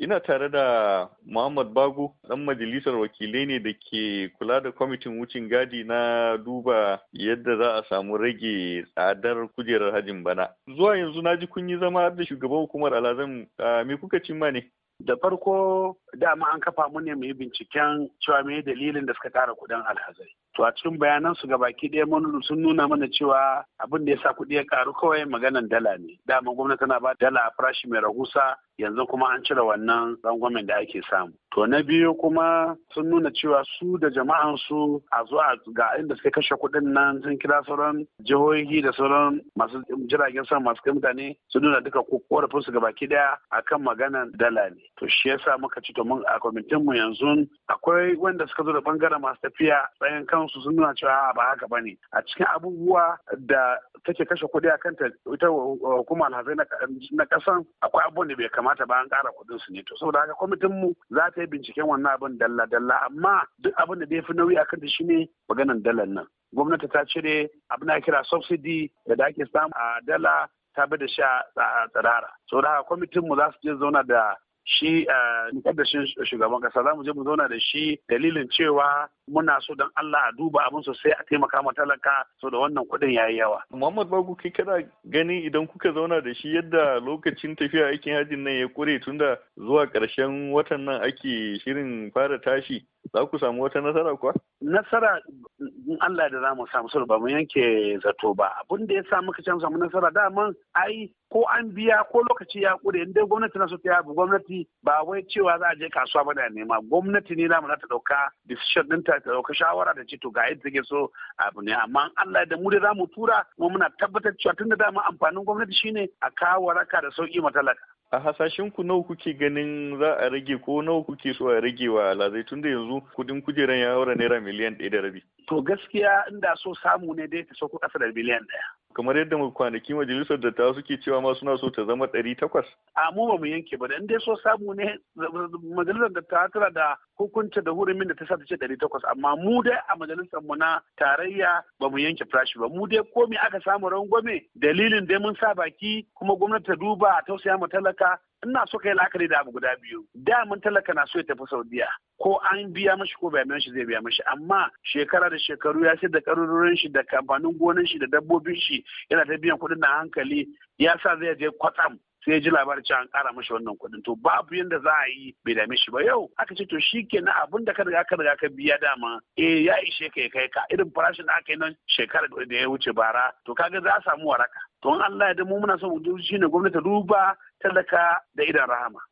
Ina tare da Muhammad Bago, ɗan majalisar wakilai ne da ke kula da kwamitin wucin gadi na duba yadda za a samu rage tsadar kujerar hajin bana. Zuwa yanzu na ji kun yi zama da shugaban hukumar alazan ah, me kuka cimma ne? Da farko dama an kafa mu ne mu binciken cewa me dalilin da suka kara kuɗin alhazai. To a cikin bayanan su baki ɗaya mun sun nuna mana cewa abin da ya sa kuɗi ya karu kawai maganan dala ne. Dama gwamnati tana ba dala a farashi mai rahusa yanzu kuma an cire wannan rangwamen da ake samu. To na biyu kuma sun nuna cewa su da jama'an su a zuwa ga inda suka kashe kuɗin nan sun kira sauran jihohi da sauran masu jiragen sama masu kai mutane sun nuna duka korafin su baki ɗaya akan maganan dala ne. To shi yasa muka ci mun a kwamitin mu yanzu akwai wanda suka zo da bangaren masu tafiya tsayin kansu sun nuna cewa ba haka ba ne a cikin abubuwa da take kashe kuɗi a kanta ita hukumar alhazai na ƙasan akwai abubuwan da bai kamata ba an ƙara kuɗin su ne to saboda haka kwamitin mu za ta yi binciken wannan abin dalla dalla amma duk abin da bai fi nauyi a kanta shine maganan dalar nan gwamnati ta cire abin da kira subsidy da ake samu a dala ta bi da sha tsirara. So da haka kwamitin mu za su je zauna da shi mukaddashin shugaban kasa za mu je mu zauna da shi dalilin cewa muna so don Allah a duba abin sosai a taimaka ma talaka so da wannan kuɗin yayi yawa. Muhammad Bagu kai kana gani idan kuka zauna da shi yadda lokacin tafiya aikin hajjin nan ya kure tun da zuwa ƙarshen watan nan ake shirin fara tashi za ku samu wata nasara kuwa? Nasara in Allah da za mu samu sulhu ba mu yanke zato ba abin da ya sa muka can samu nasara daman ai ko an biya ko lokaci ya kure inda gwamnati na so ta gwamnati ba wai cewa za a je kasuwa ba da nema gwamnati ne namu za ta dauka decision din ta ta dauka shawara da cito to ga yadda take so abu ne amma Allah da mu da za mu tura mu muna tabbatar cewa tunda dama amfanin gwamnati shine a kawo waraka da sauki matalaka a hasashen ku nawa kuke ganin za a rage ko nawa kuke so a rage wa alazai tun da yanzu kudin kujeran ya haura naira miliyan ɗaya da rabi. to gaskiya inda so samu ne dai ta sauko ƙasa da miliyan ɗaya kamar yadda mu kwanaki majalisar da ta suke cewa ma suna so ta zama ɗari takwas. A mu ba mu yanke ba dan dai so samu ne majalisar da ta tana da hukunta da hurumin da ta sa ta ce ɗari takwas amma mu dai a majalisar mu na tarayya ba mu yanke farashi ba mu dai komai aka samu rangwame dalilin dai mun sa baki kuma gwamnati ta duba a tausaya ma talaka ina so kai la'akari da abu guda biyu da mun talaka na so ya tafi saudiya ko an biya mashi ko bai mashi zai biya mashi amma shekara da shekaru ya sayar da karurorin shi da kamfanin gonan shi da dabbobin shi yana ta biyan kuɗin na hankali ya sa zai je kwatsam sai ji labarin cewa an kara mashi wannan kuɗin to babu yadda za a yi bai dame shi ba yau aka ce to shi kenan abin da ka riga ka riga ka biya dama eh ya ishe ka ya kai ka irin farashin da aka yi nan shekarar da ya wuce bara to kaga za a samu waraka to in Allah ya da mu muna son mu ne gwamnati duba talaka da idan rahama